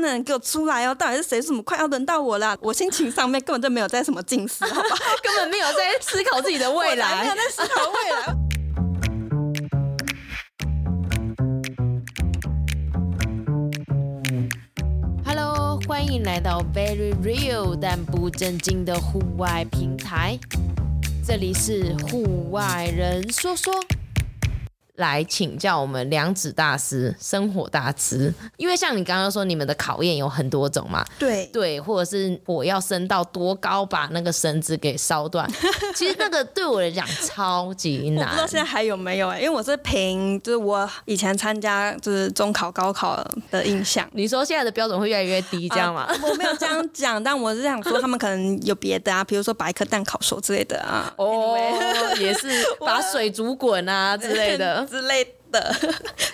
能給我出來哦！到底是誰？怎麼快要輪到我了？我心情上面根本就沒有在什麼進食，好不好 根本沒有在思考自己的未來，來沒有在思考未來。 Hello，歡迎來到 Very Real 但不正經的戶外平台，這裡是戶外人說說。來請教我們良子大師、生火大師，因為像你剛剛說，你們的考驗有很多種嘛。對對，或者是我要升到多高，把那個繩子給燒斷。 其實那個對我來講超級難。不知道現在還有沒有哎、欸？因為我是憑就是我以前參加就是中考、高考的印象。你說現在的標準會越來越低，這樣嗎？啊、我沒有這樣講， 但我是想說他們可能有別的啊，比如說把一顆蛋烤熟之類的啊。哦、oh. 也是把水煮滾啊之類的之類的，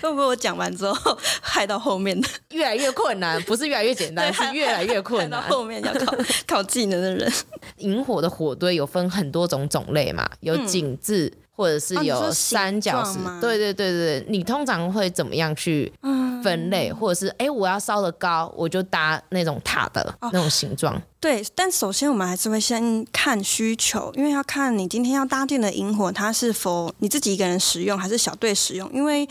會不會我講完之後害到後面越來越困難？不是越來越簡單， 是越來越困難。 到後面要靠靠技能的人，引 火的火堆有分很多種種類嘛？有井字、嗯、或者是有三角色、啊、形？對對對對，你通常會怎麼樣去嗯分類，或者是誒、欸，我要燒的高，我就搭那種塔的、哦、那種形狀。對，但首先我們還是會先看需求，因為要看你今天要搭建的營火，它是否你自己一個人使用，還是小隊使用？因為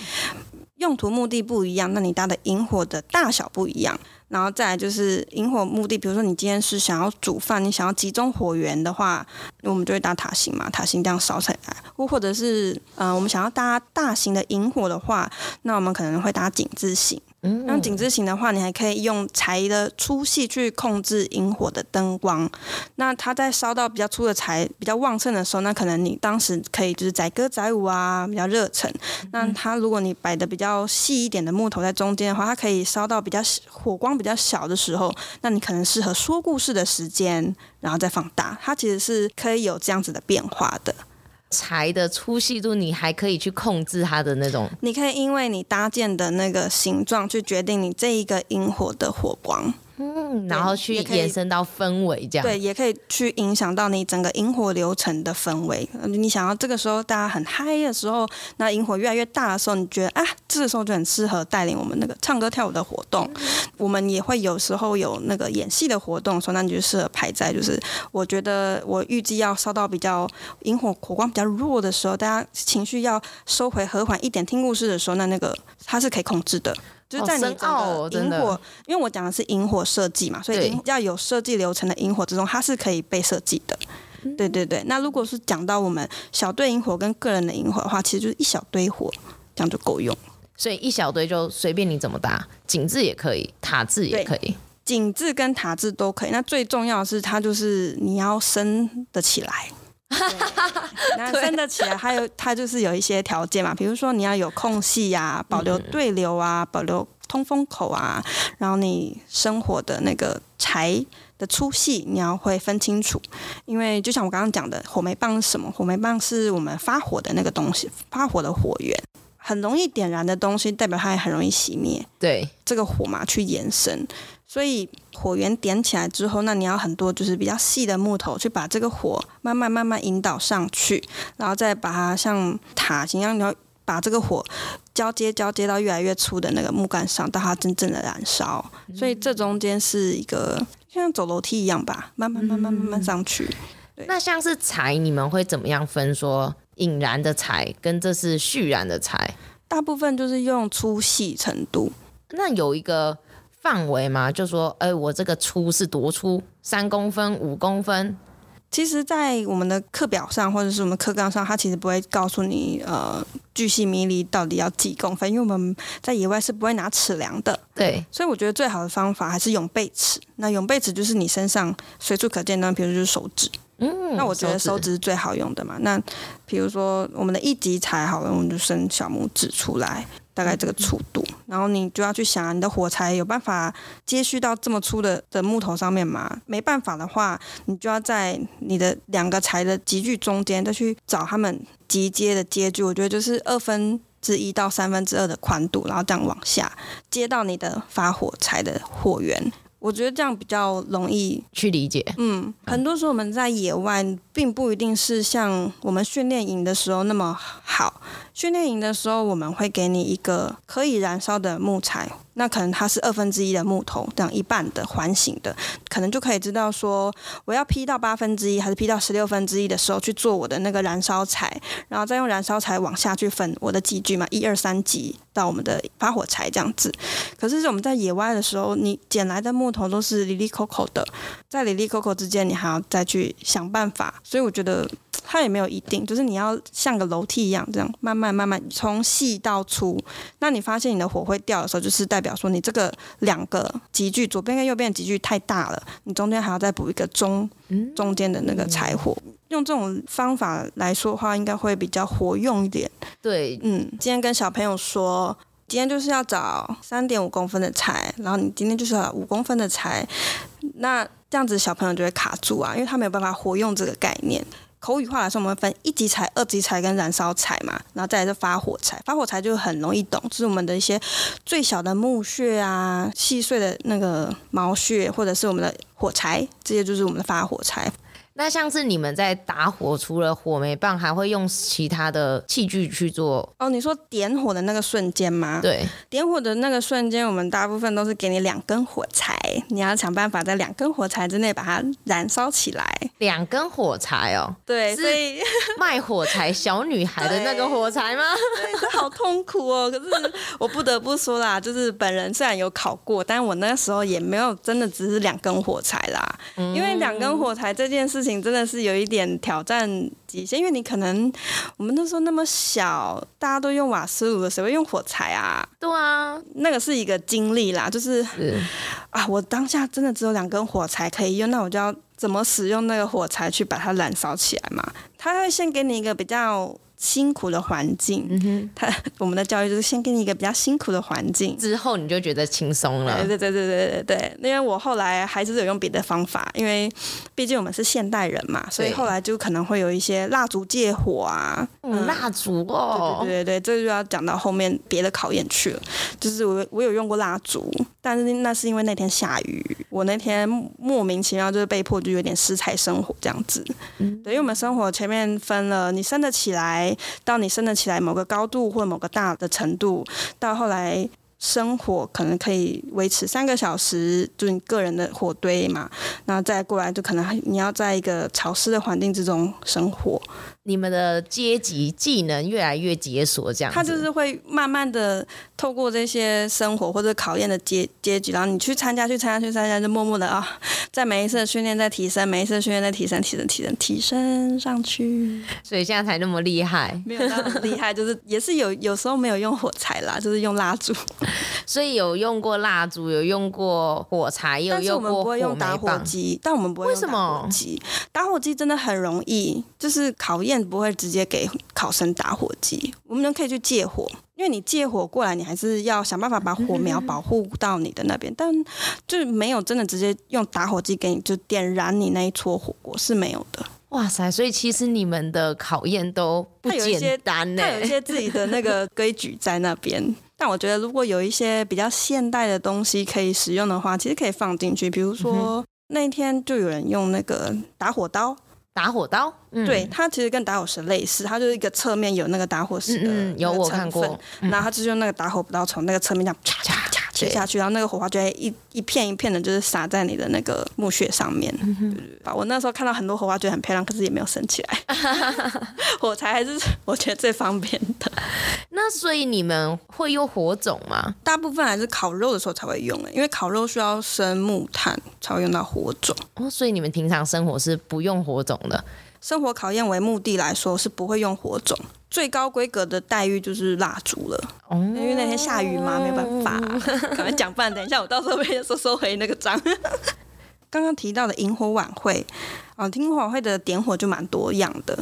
用途、目的不一樣，那你搭的營火的大小不一樣。然後再來就是引火目的，比如說你今天是想要煮飯，你想要集中火源的話，我們就會搭塔形嘛，塔形這樣燒起來；或或者是，呃，我們想要搭大型的引火的話，那我們可能會搭井字形。嗯，那井字型的話，你還可以用柴的粗細去控制營火的燈光。那它在燒到比較粗的柴比較旺盛的時候，那可能你當時可以就是載歌載舞啊，比較熱忱。那它如果你擺得比較細一點的木頭在中間的話，它可以燒到比較火光比較小的時候，那你可能適合說故事的時間，然後再放大。它其實是可以有這樣子的變化的。柴的粗細度，你還可以去控制它的那種。你可以因為你搭建的那個形狀，去決定你這一個營火的火光。嗯，然後去延伸到氛圍這樣，對，也可以去影響到你整個營火流程的氛圍。你想要這個時候大家很嗨的時候，那營火越來越大的時候，你覺得啊，這個時候就很適合帶領我們那個唱歌跳舞的活動。嗯、我們也會有時候有那個演戲的活動的，說那你就適合排在。就是我覺得我預計要燒到比較營火火光比較弱的時候，大家情緒要收回和緩一點，聽故事的時候，那那個它是可以控制的。就是、在你哦，營火，因為我講的是營火設計嘛，所以要有設計流程的營火之中，它是可以被設計的。對對對，那如果是講到我們小隊營火跟個人的營火的話，其實就是一小堆火，這樣就夠用。所以一小堆就隨便你怎麼搭，井字也可以，塔字也可以，井字跟塔字都可以。那最重要的是，它就是你要升得起來。哈哈哈哈，那真的起來，還有它就是有一些條件嘛，比如說你要有空隙呀、啊，保留對流啊，保留通風口啊，然後你生火的那個柴的粗細你要會分清楚，因為就像我剛剛講的，火媒棒是什麼？火媒棒是我們發火的那個東西，發火的火源。很容易點燃的東西，代表它也很容易熄滅。對，這個火嘛，去延伸。所以火源點起來之後，那你要很多就是比較細的木頭，去把這個火慢慢慢慢引導上去，然後再把它像塔形一樣，你要把這個火交接交接到越來越粗的那個木杆上，到它真正的燃燒，嗯。所以這中間是一個像走樓梯一樣吧，慢慢慢慢慢慢上去，嗯對。那像是柴，你們會怎麼樣分說？引燃的柴跟這是蓄燃的柴，大部分就是用粗細程度。那有一個範圍嗎？就說，呃、欸，我這個粗是多粗？三公分、五公分。其實，在我們的課表上或者是我們課綱上，它其實不會告訴你，呃，巨細靡遺到底要幾公分，因為我們在野外是不會拿尺量的。對。所以我覺得最好的方法還是用背尺。那用背尺就是你身上隨處可見的，譬如，就是手指。嗯，那我覺得手指是最好用的嘛。那比如說我們的一級柴好了，我們就伸小拇指出來，大概這個粗度。然後你就要去想，你的火柴有辦法接續到這麼粗的的木頭上面嗎？沒辦法的話，你就要在你的兩個柴的級距中間，再去找他們集接的級距。我覺得就是二分之一到三分之二的寬度，然後這樣往下接到你的發火柴的火源。我覺得這樣比較容易去理解。嗯，很多時候我們在野外並不一定是像我們訓練營的時候那麼好。訓練營的時候，我們會給你一個可以燃燒的木材，那可能它是二分之一的木頭，這樣一半的環形的，可能就可以知道說我要劈到八分之一還是劈到十六分之一的時候去做我的那個燃燒材，然後再用燃燒材往下去分我的級距嘛，一二三級到我們的發火柴這樣子。可是我們在野外的時候，你撿來的木頭都是里里扣扣的，在里里扣扣之間，你還要再去想辦法，所以我覺得。它也沒有一定，就是你要像個樓梯一樣這樣慢慢慢慢從細到粗。那你發現你的火會掉的時候，就是代表說你這個兩個極具左邊跟右邊的極具太大了，你中間還要再補一個中中間的那個柴火。嗯。用這種方法來說的話，應該會比較活用一點。對，嗯，今天跟小朋友說，今天就是要找三點五公分的柴，然後你今天就是要找五公分的柴，那這樣子小朋友就會卡住啊，因為他沒有辦法活用這個概念。口語化來說，我們分一級柴、二級柴跟燃燒柴嘛，然後再來是發火柴。發火柴就很容易懂，就是我們的一些最小的木屑啊、細碎的那個毛屑，或者是我們的火柴，這些就是我們的發火柴。那像是你們在打火，除了火媒棒，還會用其他的器具去做哦？你說點火的那個瞬間嗎？對，點火的那個瞬間，我們大部分都是給你兩根火柴，你要想辦法在兩根火柴之內把它燃燒起來。兩根火柴哦、喔，對，所以賣火柴小女孩的那個火柴嗎？ 對，這好痛苦哦、喔！可是我不得不說啦，就是本人雖然有考過，但我那時候也沒有真的只是兩根火柴啦，嗯、因為兩根火柴這件事。真的是有一點挑戰極限，因為你可能我們那時候那麼小，大家都用瓦斯爐的，誰會用火柴啊？對啊，那個是一個經歷啦，就是，是啊，我當下真的只有兩根火柴可以用，那我就要怎麼使用那個火柴去把它燃燒起來嘛？他會先給你一個比較辛苦的環境，他、嗯、我們的教育就是先給你一個比較辛苦的環境，之後你就覺得輕鬆了。對對對對對對，因為我後來還是有用別的方法，因為畢竟我們是現代人嘛，所以後來就可能會有一些蠟燭借火啊，蠟、嗯、燭、嗯、哦、嗯，對對對，這就要講到後面別的考驗去了。就是我我有用過蠟燭，但是那是因為那天下雨，我那天莫名其妙就是被迫就有點濕柴生火這樣子，嗯。對，因為我們生火前面分了，你生得起來，到你升得起來某個高度或某個大的程度，到後來生火可能可以維持三個小時，就你個人的火堆嘛。那再過來就可能你要在一個潮濕的環境之中生火。你們的階級技能越來越解鎖，這樣。他就是會慢慢的透過這些生活或者考驗的階階級，然後你去參加、去參加、去參加，就默默的啊，在、哦、每一次的訓練再提升，每一次的訓練再提升、提升、提升、提升上去。所以現在才那麼厲害，沒有那麼厲害，就是也是有有時候沒有用火柴啦，就是用蠟燭。所以有用過蠟燭，有用過火柴，又用過打火機，但是我們不會用打火機，但我們不會用打火機。為什麼？打火機真的很容易，就是考驗不會直接給考生打火機，我們能可以去借火，因為你借火過來，你還是要想辦法把火苗保護到你的那邊、嗯，但就沒有真的直接用打火機給你就點燃你那一撮火，是沒有的。哇塞！所以其實你們的考驗都不簡單呢、欸，他有，有一些自己的那個規矩在那邊。 但我覺得，如果有一些比較現代的東西可以使用的話，其實可以放進去。比如說、嗯、那一天就有人用那個打火刀，打火刀、嗯，對，它其實跟打火石類似，它就是一個側面有那個打火石的。嗯嗯，有我看過。嗯、然後他就是用那個打火刀從那個側面這樣嚓嚓，切下去，然後那個火花就會一一片一片的，就是撒在你的那個木屑上面。嗯、我那時候看到很多火花，覺得很漂亮，可是也沒有生起來。火 柴 還是我覺得最方便的。那所以你們會用火種嗎？大部分還是烤肉的時候才會用，哎，因為烤肉需要生木炭才會用到火種。哦，所以你們平常生火是不用火種的。生活考驗為目的來說，是不會用火種，最高規格的待遇就是蠟燭了。因為那天下雨嘛，沒辦法、啊。可能講半，等一下我到時候會收，收回那個章。剛 剛提到的營火晚會，啊、哦，營火晚會的點火就蠻多樣的。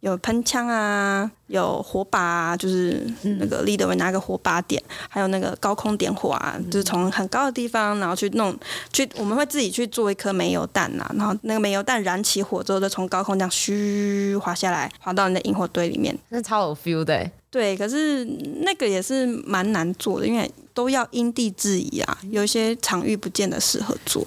有噴槍啊，有火把啊，就是那個 leader 會拿個火把點、嗯，還有那個高空點火啊，就是從很高的地方，然後去弄、嗯、去，我們會自己去做一顆煤油彈吶、啊，然後那個煤油彈燃起火之後，就從高空這樣咻滑下來，滑到你的引火堆裡面，那超有 feel 的、欸。對，可是那個也是蠻難做的，因為都要因地制宜啊，有些場域不見得適合做。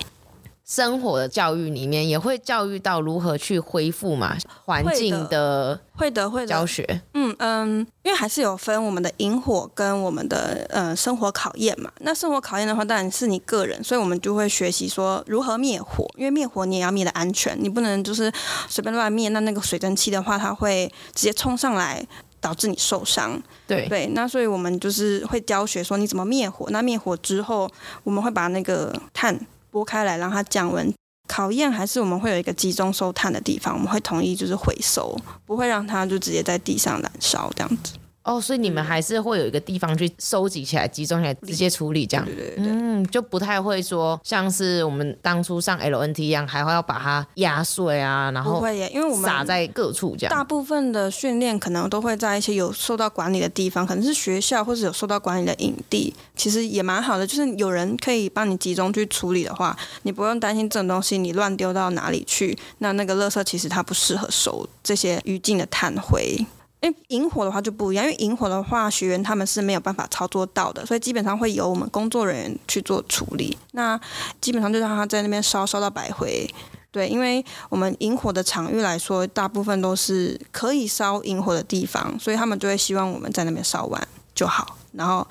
生活的教育裡面也會教育到如何去恢復嘛，環境的會的會的教學，嗯嗯，因為還是有分我們的營火跟我們的呃生活考驗嘛。那生活考驗的話，當然是你個人，所以我們就會學習說如何滅火。因為滅火你也要滅得安全，你不能就是隨便亂滅，那那個水蒸氣的話，它會直接衝上來導致你受傷。對對，那所以我們就是會教學說你怎麼滅火。那滅火之後，我們會把那個碳，撥開來讓它降溫，考驗還是我們會有一個集中收炭的地方，我們會統一就是回收，不會讓它就直接在地上燃燒這樣子。哦，所以你們還是會有一個地方去收集起來、集中起來、直接處理這樣，對對對，嗯，就不太會說像是我們當初上 LNT 一樣，還會要把它壓碎啊，然後不會，因為我們撒在各處這樣。大部分的訓練可能都會在一些有受到管理的地方，可能是學校或者有受到管理的營地，其實也蠻好的，就是有人可以幫你集中去處理的話，你不用擔心這種東西你亂丟到哪裡去。那那個垃圾其實它不適合收這些餘燼的碳灰。因為營火的話就不一樣，因為營火的話，學員他們是沒有辦法操作到的，所以基本上會由我們工作人員去做處理。那基本上就讓他在那邊燒燒到白灰，對，因為我們營火的場域來說，大部分都是可以燒營火的地方，所以他們就會希望我們在那邊燒完就好，然後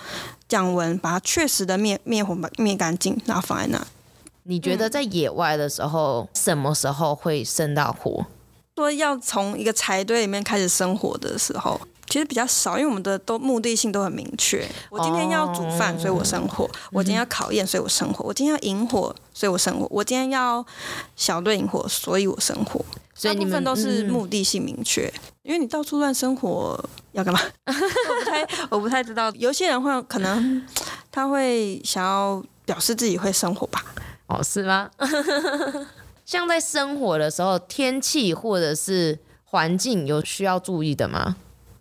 降溫，把它確實的滅滅火滅乾淨，然後放在那。你覺得在野外的時候，嗯、什麼時候會生到火？說要從一個柴堆裡面開始生火的時候，其實比較少，因為我們的都目的性都很明確。我今天要煮飯，所以我生火；我今天要考驗，所以我生火；嗯、我今天要引火，所以我生火；我今天要小隊引火，所以我生火。大部分都是目的性明確、嗯，因為你到處亂生火，要幹嘛？ 我不太，我不太知道。 有些人會可能他會想要表示自己會生火吧？哦，是嗎？ 像在生火的時候，天氣或者是環境有需要注意的嗎？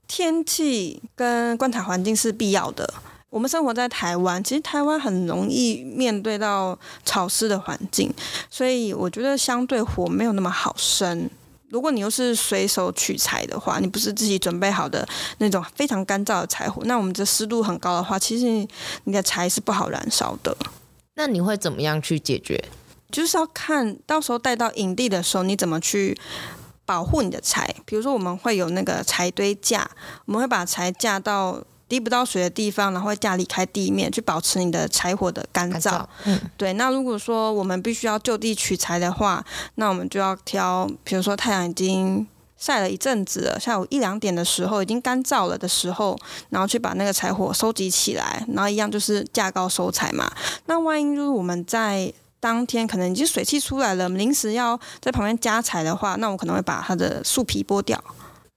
天氣跟觀察環境是必要的。我們生活在台灣，其實台灣很容易面對到潮濕的環境，所以我覺得相對火沒有那麼好生。如果你又是隨手取材的話，你不是自己準備好的那種非常乾燥的柴火，那我們這濕度很高的話，其實你的柴是不好燃燒的。那你會怎麼樣去解決？就是要看到時候帶到營地的時候，你怎麼去保護你的柴？比如說，我們會有那個柴堆架，我們會把柴架到滴不到水的地方，然後會架離開地面，去保持你的柴火的乾燥，燥、嗯。對。那如果說我們必須要就地取材的話，那我們就要挑，比如說太陽已經晒了一陣子，了，下午一兩點的時候已經乾燥了的時候，然後去把那個柴火收集起來，然後一樣就是架高收柴嘛。那萬一就是我們在當天可能已經水汽出來了，臨時要在旁邊加柴的話，那我可能會把它的樹皮剝掉，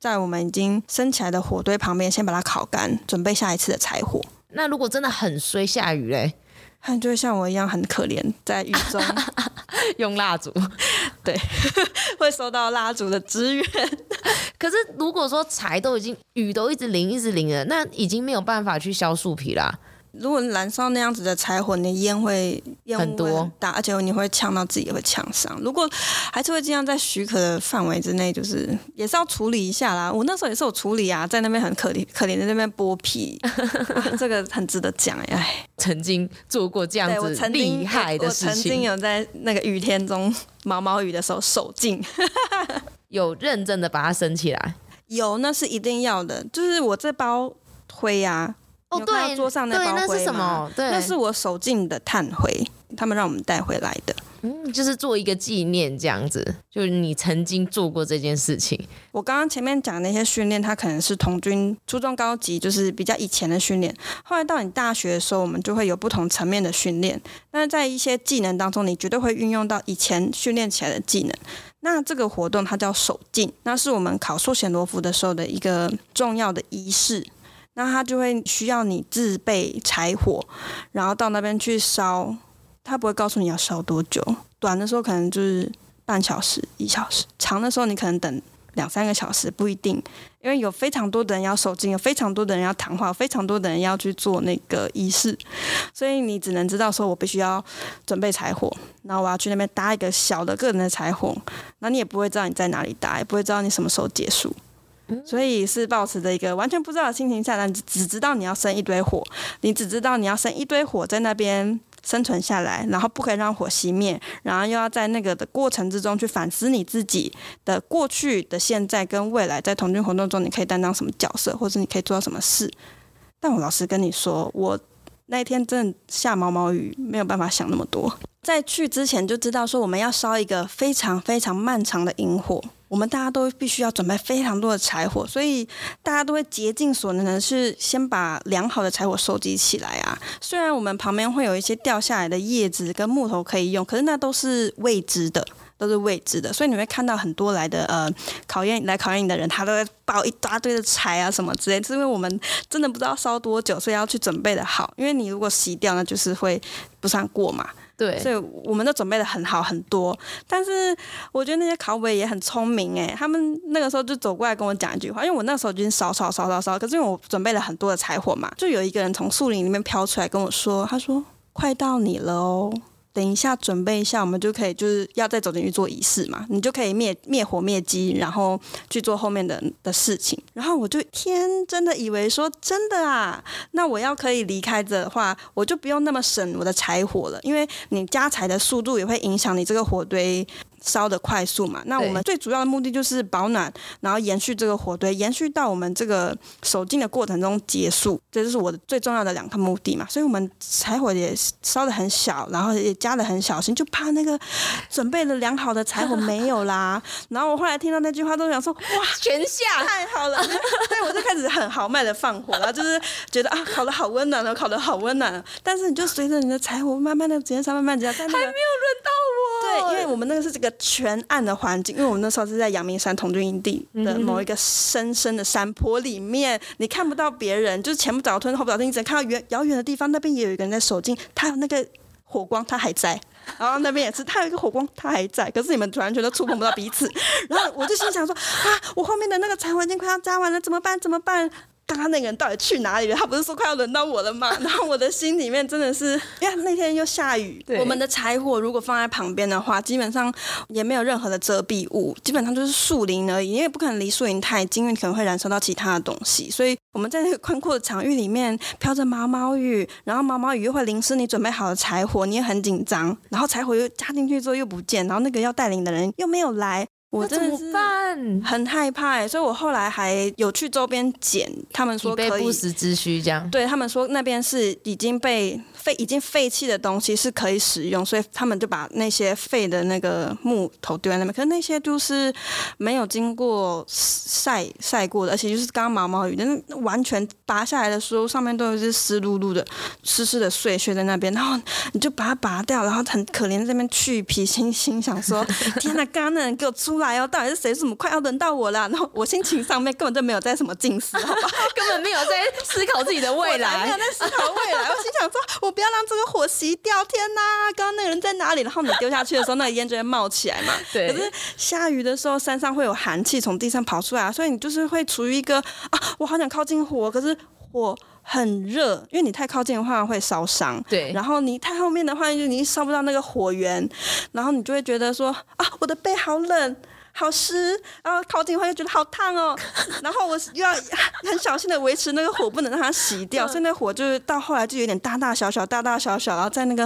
在我們已經生起來的火堆旁邊先把它烤乾，準備下一次的柴火。那如果真的很衰下雨嘞，可就會像我一樣很可憐，在雨中 用蠟燭，對，會收到蠟燭的支援。可是如果說柴都已經雨都一直淋一直淋了，那已經沒有辦法去削樹皮啦、啊。如果燃燒那樣子的柴火，你煙會煙霧很大，而且你會嗆到自己，也會嗆傷。如果還是會盡量，在許可的範圍之內，就是也是要處理一下啦。我那時候也是有處理啊，在那邊很可憐可憐，在那邊剝皮，這個很值得講哎、欸。曾經做過這樣子厲害的事情。我曾經有在那個雨天中毛毛雨的時候手勁 有認真的把它升起來。有，那是一定要的。就是我這包灰啊。對，有看到桌上那包灰嗎？對對，那是什麼？對，那是我守境的炭灰，他們讓我們帶回來的，嗯，就是做一個紀念這樣子，就是你曾經做過這件事情。我剛剛前面講那些訓練，它可能是童軍、初中高級，就是比較以前的訓練。後來到你大學的時候，我們就會有不同層面的訓練。但是在一些技能當中，你絕對會運用到以前訓練起來的技能。那這個活動它叫守境，那是我們考數學羅浮的時候的一個重要的儀式。那他就會需要你自備柴火，然後到那邊去燒。他不會告訴你要燒多久，短的時候可能就是半小時、一小時，長的時候你可能等兩三個小時，不一定。因為有非常多的人要受驚，有非常多的人要談話，有非常多的人要去做那個儀式，所以你只能知道說，我必須要準備柴火，然後我要去那邊搭一個小的個人的柴火。那你也不會知道你在哪裡搭，也不會知道你什麼時候結束。所以是抱持的一個完全不知道的心情下，來，只知道你要生一堆火，你只知道你要生一堆火在那邊生存下來，然後不可以讓火熄滅，然後又要在那個的過程之中去反思你自己的過去、的現在跟未來，在童軍活動中你可以擔當什麼角色，或者你可以做到什麼事。但我老實跟你說，我那天真的下毛毛雨，沒有辦法想那麼多。在去之前就知道說，我們要燒一個非常非常漫長的營火。我們大家都必須要準備非常多的柴火，所以大家都會竭盡所能的是先把良好的柴火收集起來啊。雖然我們旁邊會有一些掉下來的葉子跟木頭可以用，可是那都是未知的，都是未知的。所以你會看到很多來的呃考驗來考驗你的人，他都會抱一大堆的柴啊什麼之類，是因為我們真的不知道燒多久，所以要去準備的好。因為你如果洗掉，那就是會不算過嘛。對，所以我們都準備的很好很多，但是我覺得那些考委也很聰明哎、欸，他們那個時候就走過來跟我講一句話，因為我那個時候已經燒燒燒燒燒，可是因為我準備了很多的柴火嘛，就有一個人從樹林裡面飄出來跟我說，他說：“快到你了哦。”等一下，準備一下，我們就可以就是要再走進去做儀式嘛，你就可以滅滅火滅跡，然後去做後面的的事情。然後我就天真的以為說，真的啊，那我要可以離開的話，我就不用那麼省我的柴火了，因為你加柴的速度也會影響你這個火堆。燒的快速嘛，那我們最主要的目的就是保暖，然後延續這個火堆，延續到我們這個守境的過程中結束，這就是我的最重要的兩個目的嘛。所以，我們柴火也燒的很小，然後也加的很小心，就怕那個準備了良好的柴火沒有啦。 然後我後來聽到那句話，都想說哇，全下太好了，對。 我就開始很豪邁的放火，然後就是覺得啊，烤的好溫暖哦，烤的好溫暖哦。但是你就隨着你的柴火慢慢的減少，直接慢慢減少，那個，還沒有輪到。對，因為我們那個是這個全暗的環境，因為我們那時候是在陽明山童軍營地的某一個深深的山坡裡面，嗯、哼哼你看不到別人，就是前不着村後不着店，你只能看到遠遙遠的地方，那邊也有一個人在守軍，他有那個火光，他還在，然後那邊也是，他有一個火光，他還在，可是你們突然覺得觸碰不到彼此， 然後我就心想說啊，我後面的那個殘火已經快要加完了，怎麼辦？怎麼辦？剛剛那個人到底去哪裡了？他不是說快要輪到我了嗎？ 然後我的心裡面真的是，哎呀，那天又下雨，對，我們的柴火如果放在旁邊的話，基本上也沒有任何的遮蔽物，基本上就是樹林而已，因為不可能離樹林太近，因為可能會燃燒到其他的東西。所以我們在那個寬闊的場域裡面飄着毛毛雨，然後毛毛雨又會淋濕你準備好的柴火，你也很緊張，然後柴火又加進去之後又不見，然後那個要帶領的人又沒有來。我真的是很害怕誒、欸，所以我後來還有去周邊撿。他們說可以，不時之需這樣。對，他們說那邊是已經被。廢已經廢棄的東西是可以使用，所以他們就把那些廢的那個木頭丟在那邊。可是那些就是沒有經過曬曬過的，而且就是剛毛毛雨的，但完全拔下來的時候，上面都是濕漉漉的、濕濕的碎碎在那邊。然後你就把它拔掉，然後很可憐在那邊去皮心，心想說：欸、天哪，剛剛那人給我出來哦！到底是誰怎麼快要輪到我了？然後我心情上面根本就沒有在什麼近視，好吧，根本沒有在思考自己的未來，來沒有在思考未來。我心想說，我。不要讓這個火熄掉！天吶，剛剛那個人在哪裡？然後你丟下去的時候， 那個煙就會冒起來嘛。對。可是下雨的時候，山上會有寒氣從地上跑出來，所以你就是會處於一個啊，我好想靠近火，可是火很熱，因為你太靠近的話會燒傷。對。然後你太後面的話，就你燒不到那個火源，然後你就會覺得說啊，我的背好冷。好濕，然後靠近的又就覺得好燙哦，然後我又要很小心的維持那個火不能讓它熄掉，所以那火就是到後來就有點大大小小，大大小小，然後在那個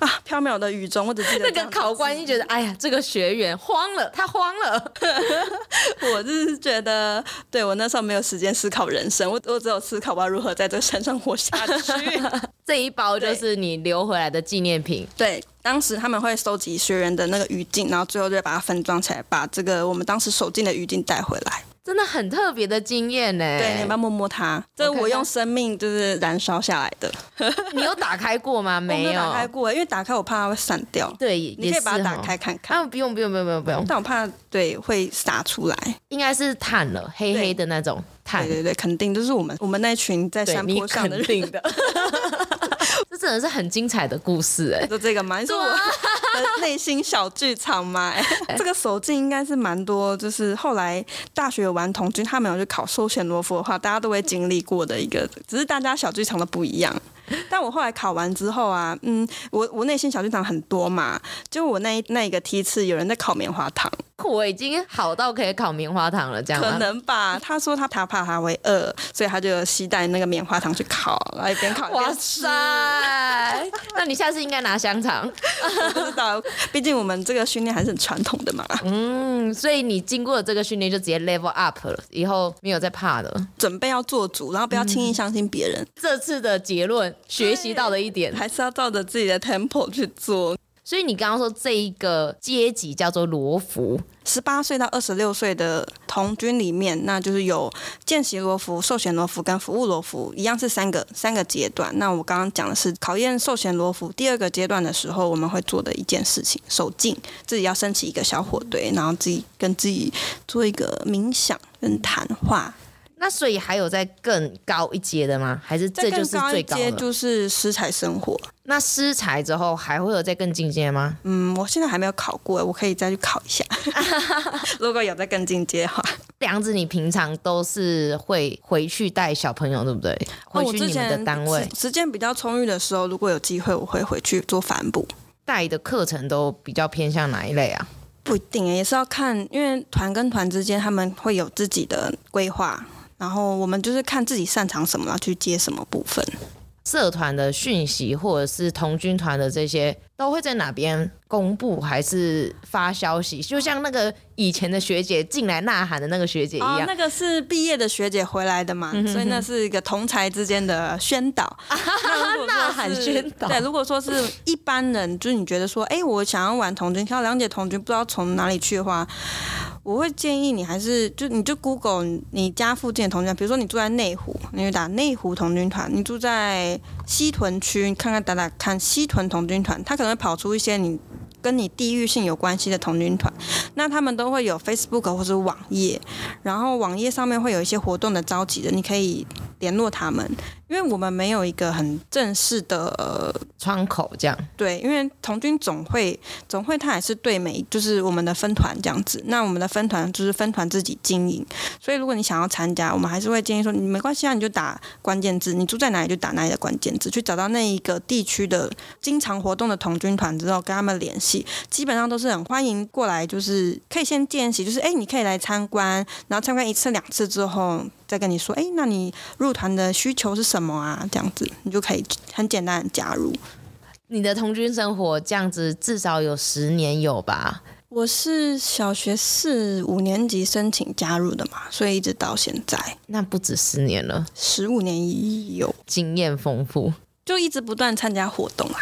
啊飄渺的雨中，我只記得這、那個考官就覺得，哎呀，這個學員慌了，他慌了。 我就是覺得，對，我那時候沒有時間思考人生，我我只有思考我要如何在這個山上活下去。這一包就是你留回來的紀念品。對。當時他們會收集學員的那個餘燼，然後最後就把它分裝起來，把這個我們當時手進的餘燼帶回來，真的很特別的經驗呢、欸。對，你要不要摸摸它，我看看，這是我用生命就是燃燒下來的。 你有打開過嗎？沒有打開過，因為打開我怕它會散掉。對，你可以把它打開看看。啊、不用不用不用不用不用，但我怕對會灑出來，應該是炭了，黑黑的那種。對對對，肯定，就是我們我們那群在山坡上的人。你肯定的， 這真的是很精彩的故事哎、欸，就這個蠻 我內心小劇場嘛。 這個手勁應該是蠻多，就是後來大學有玩童軍，他們有去考收賢羅浮的話，大家都會經歷過的一個，只是大家小劇場的不一樣。但我後來考完之後啊，嗯，我我內心小劇場很多嘛，就我那一那一個梯次有人在烤棉花糖。我已經好到可以烤棉花糖了，這樣。可能吧？他說他他怕他會餓，所以他就攜帶那個棉花糖去烤，來一邊烤一邊吃。哇塞！那你下次應該拿香腸。畢 竟我們這個訓練還是很傳統的嘛。嗯，所以你經過了這個訓練就直接 level up 了，以後沒有再怕的。準備要做主，然後不要輕易相信別人、嗯。這次的結論，學習到的一點，還是要照着自己的 tempo 去做。所以你剛剛說，這一個階級叫做羅浮，十八歲到二十六歲的童軍裡面，那就是有見習羅浮、授銜羅浮跟服務羅浮，一樣是三個三個階段。那我剛剛講的是考驗授銜羅浮第二個階段的時候，我們會做的一件事情：守靜，自己要升起一個小火堆，然後自己跟自己做一個冥想跟談話。那所以還有在更高一階的嗎？還是這就是最高了？再更高一階就是食材生活。那食材之後還會有在更進階嗎？嗯，我現在還沒有考過，我可以再去考一下。 如果有在更進階的話， 良子，你平常都是會回去帶小朋友對不對？我回去你們的單位時間比較充裕的時候，如果有機會，我會回去做反哺。帶的課程都比較偏向哪一類啊？不一定、欸，也是要看，因為團跟團之間他們會有自己的規劃。然後我們就是看自己擅長什麼了，去接什麼部分。社團的訊息或者是童軍團的這些，都會在哪邊公布還是發消息？就像那個以前的學姐進來吶喊的那個學姐一樣，哦、那個是畢業的學姐回來的嘛、嗯，所以那是一個同儕之間的宣導。吶、嗯、喊宣導。 對，如果說是一般人， 就是你覺得說，哎，我想要玩童軍，看到梁姐童軍，不知道從哪裡去的話。我會建議你還是就你就 Google 你家附近的童軍團，比如說你住在內湖，你就打內湖童軍團；你住在西屯區，你看看打打看西屯童軍團，它可能跑出一些你跟你地域性有關係的童軍團。那他們都會有 Facebook 或者網頁，然後網頁上面會有一些活動的召集的，你可以。聯絡他們，因為我們沒有一個很正式的窗口這樣。對，因為童軍總會、總會，他也是對每就是我們的分團這樣子。那我們的分團就是分團自己經營，所以如果你想要參加，我們還是會建議說，你沒關係啊，你就打關鍵字，你住在哪裡就打哪裡的關鍵字，去找到那一個地區的經常活動的童軍團之後跟他們聯繫。基本上都是很歡迎過來，就是可以先見習，就是哎、欸、你可以來參觀，然後參觀一次兩次之後再跟你說，哎、欸、那你入團的需求是什麼啊？這樣子你就可以很簡單的加入。你的童軍生活這樣子至少有十年有吧？我是小學四五年級申請加入的嘛，所以一直到現在。那不止十年了，十五年以有，經驗豐富，就一直不斷參加活動啊。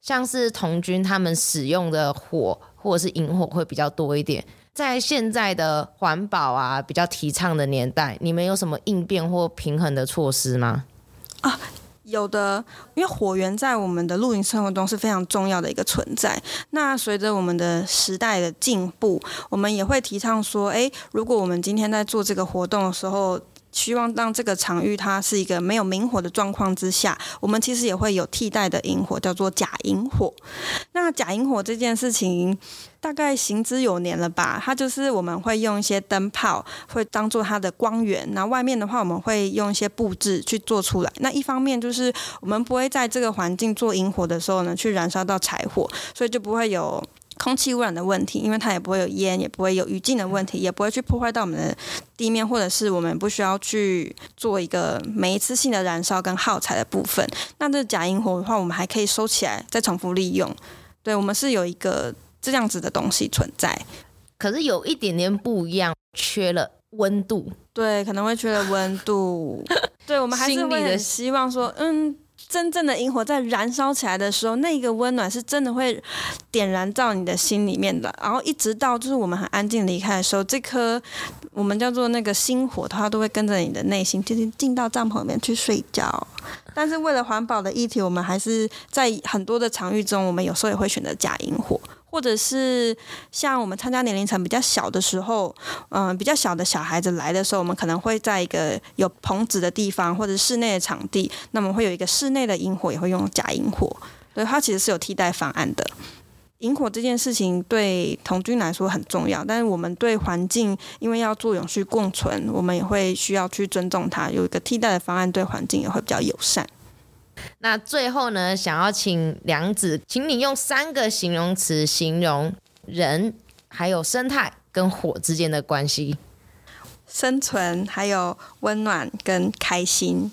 像是童軍他們使用的火或者是營火會比較多一點。在現在的環保啊比較提倡的年代，你們有什麼應變或平衡的措施嗎？啊，有的，因為火源在我們的露營生活中是非常重要的一個存在。那隨着我們的時代的進步，我們也會提倡說，誒、欸，如果我們今天在做這個活動的時候。希望讓這個場域它是一個沒有明火的狀況之下，我們其實也會有替代的營火，叫做假營火。那假營火這件事情大概行之有年了吧？它就是我們會用一些燈泡會當做它的光源，那外面的話我們會用一些布置去做出來。那一方面就是我們不會在這個環境做營火的時候呢，去燃燒到柴火，所以就不會有。空氣污染的問題，因為它也不會有煙，也不會有餘燼的問題，也不會去破壞到我們的地面，或者是我們不需要去做一個每一次性的燃燒跟耗材的部分。那這假營火的話，我們還可以收起來再重複利用。對，我們是有一個這樣子的東西存在，可是有一點點不一樣，缺了溫度。對，可能會缺了溫度。 對，我們還是很希望說，嗯。真正的營火在燃燒起來的時候，那個溫暖是真的會點燃到你的心裡面的，然後一直到就是我們很安靜離開的時候，這顆我們叫做那個心火的話，它都會跟着你的內心，就是進到帳篷裡面去睡覺。但是為了環保的議題，我們還是在很多的場域中，我們有時候也會選擇假營火。或者是像我們參加年齡層比較小的時候，嗯、呃，比較小的小孩子來的時候，我們可能會在一個有棚子的地方或者室內的場地，那麼會有一個室內的營火，也會用假營火，所以它其實是有替代方案的。營火這件事情對童軍來說很重要，但是我們對環境，因為要做永續共存，我們也會需要去尊重它，有一個替代的方案，對環境也會比較友善。那最後呢，想要請良子，請你用三個形容詞形容人，還有生態跟火之間的關係，生存，還有溫暖跟開心。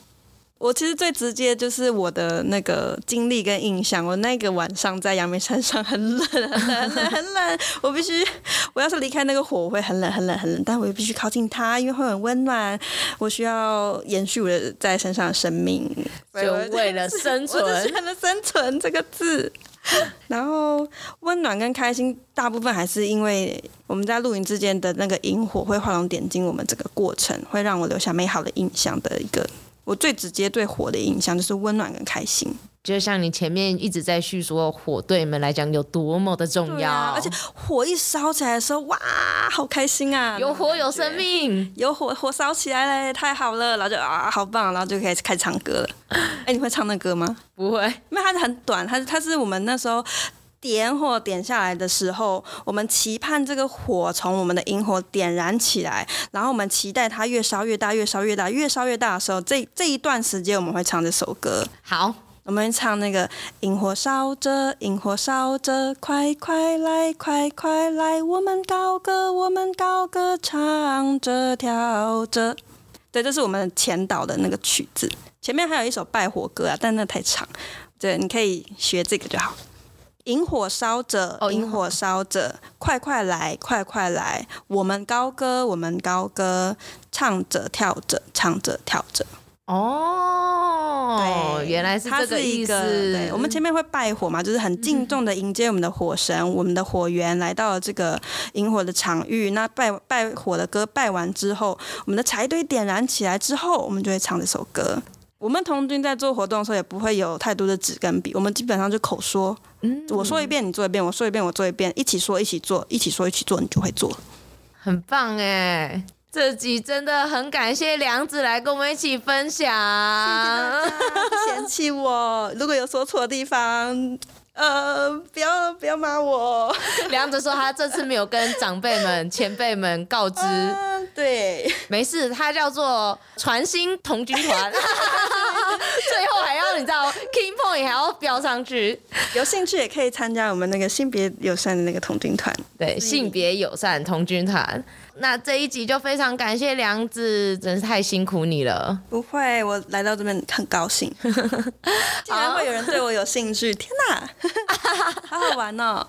我其實最直接就是我的那個經歷跟印象。我那個晚上在陽明山上很冷，很冷，很冷，很冷。我必須，我要是離開那個火，我會很冷，很冷，很冷。但我又必須靠近它，因為會很溫暖。我需要延續我的在山上的生命，就為了生存。為了生存這個字。然後溫暖跟開心，大部分還是因為我們在露營之間的那個營火會畫龍點睛，我們整個過程會讓我留下美好的印象的一個。我最直接對火的印象就是溫暖跟開心，就像你前面一直在敘述火對你們來講有多麼的重要，啊，而且火一燒起來的時候，哇，好開心啊！有火有生命，有火，火燒起來了，太好了，然後就啊，好棒，然後就可以開始唱歌了。哎、 欸，你會唱那歌嗎？不會，因為它是很短，它它是我們那時候。點火點下來的時候，我們期盼這個火從我們的營火點燃起來，然後我們期待它越燒越大，越燒越大，越燒越大的時候，這這一段時間我們會唱這首歌。好，我們會唱那個營火燒着，營火燒着，快快來，快快來，我們高歌，我們高歌唱着跳着。對，這是我們前導的那個曲子，前面還有一首拜火歌啊，但那太長。對，你可以學這個就好。引火燒着，引火燒着，哦，快快來，快快來，我們高歌，我們高歌，唱着跳着，唱着跳着。哦對，原來是這個意思，個對。我們前面會拜火嘛，就是很敬重的迎接我們的火神，嗯、我們的火源來到了這個引火的場域。那拜拜火的歌拜完之後，我們的柴堆點燃起來之後，我們就會唱這首歌。我們童軍在做活動的時候也不會有太多的紙跟筆，我們基本上就口說，嗯嗯，我說一遍你做一遍，我說一遍我做一遍，一起說一起做，一起說一起做，你就會做，很棒哎、欸！這集真的很感謝良子來跟我們一起分享， 嫌棄我，如果有說錯的地方，呃，不要不要罵我。良子說他這次沒有跟長輩們、 前輩們告知、呃，對，沒事，他叫做傳薪童軍團。 你知道 King Point 還要標上去。有興趣也可以參加我們那個性別友善的那個童軍團。對，性別友善童軍團。那這一集就非常感謝良子，真是太辛苦你了。不會，我來到這邊很高興， 竟然會有人對我有興趣，哦、天哪、啊， 好好玩哦！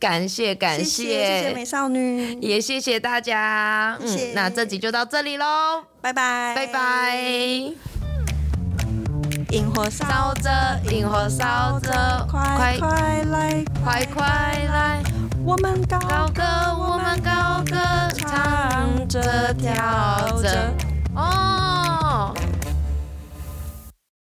感謝感謝，謝，謝，謝謝美少女，也謝謝大家。謝謝嗯、那這集就到這裡嘍，拜拜，拜拜。嗯營火燒著，營火燒著，快快，快來，快來快來我，我們高歌，我們高歌，唱着跳着，跳着，哦。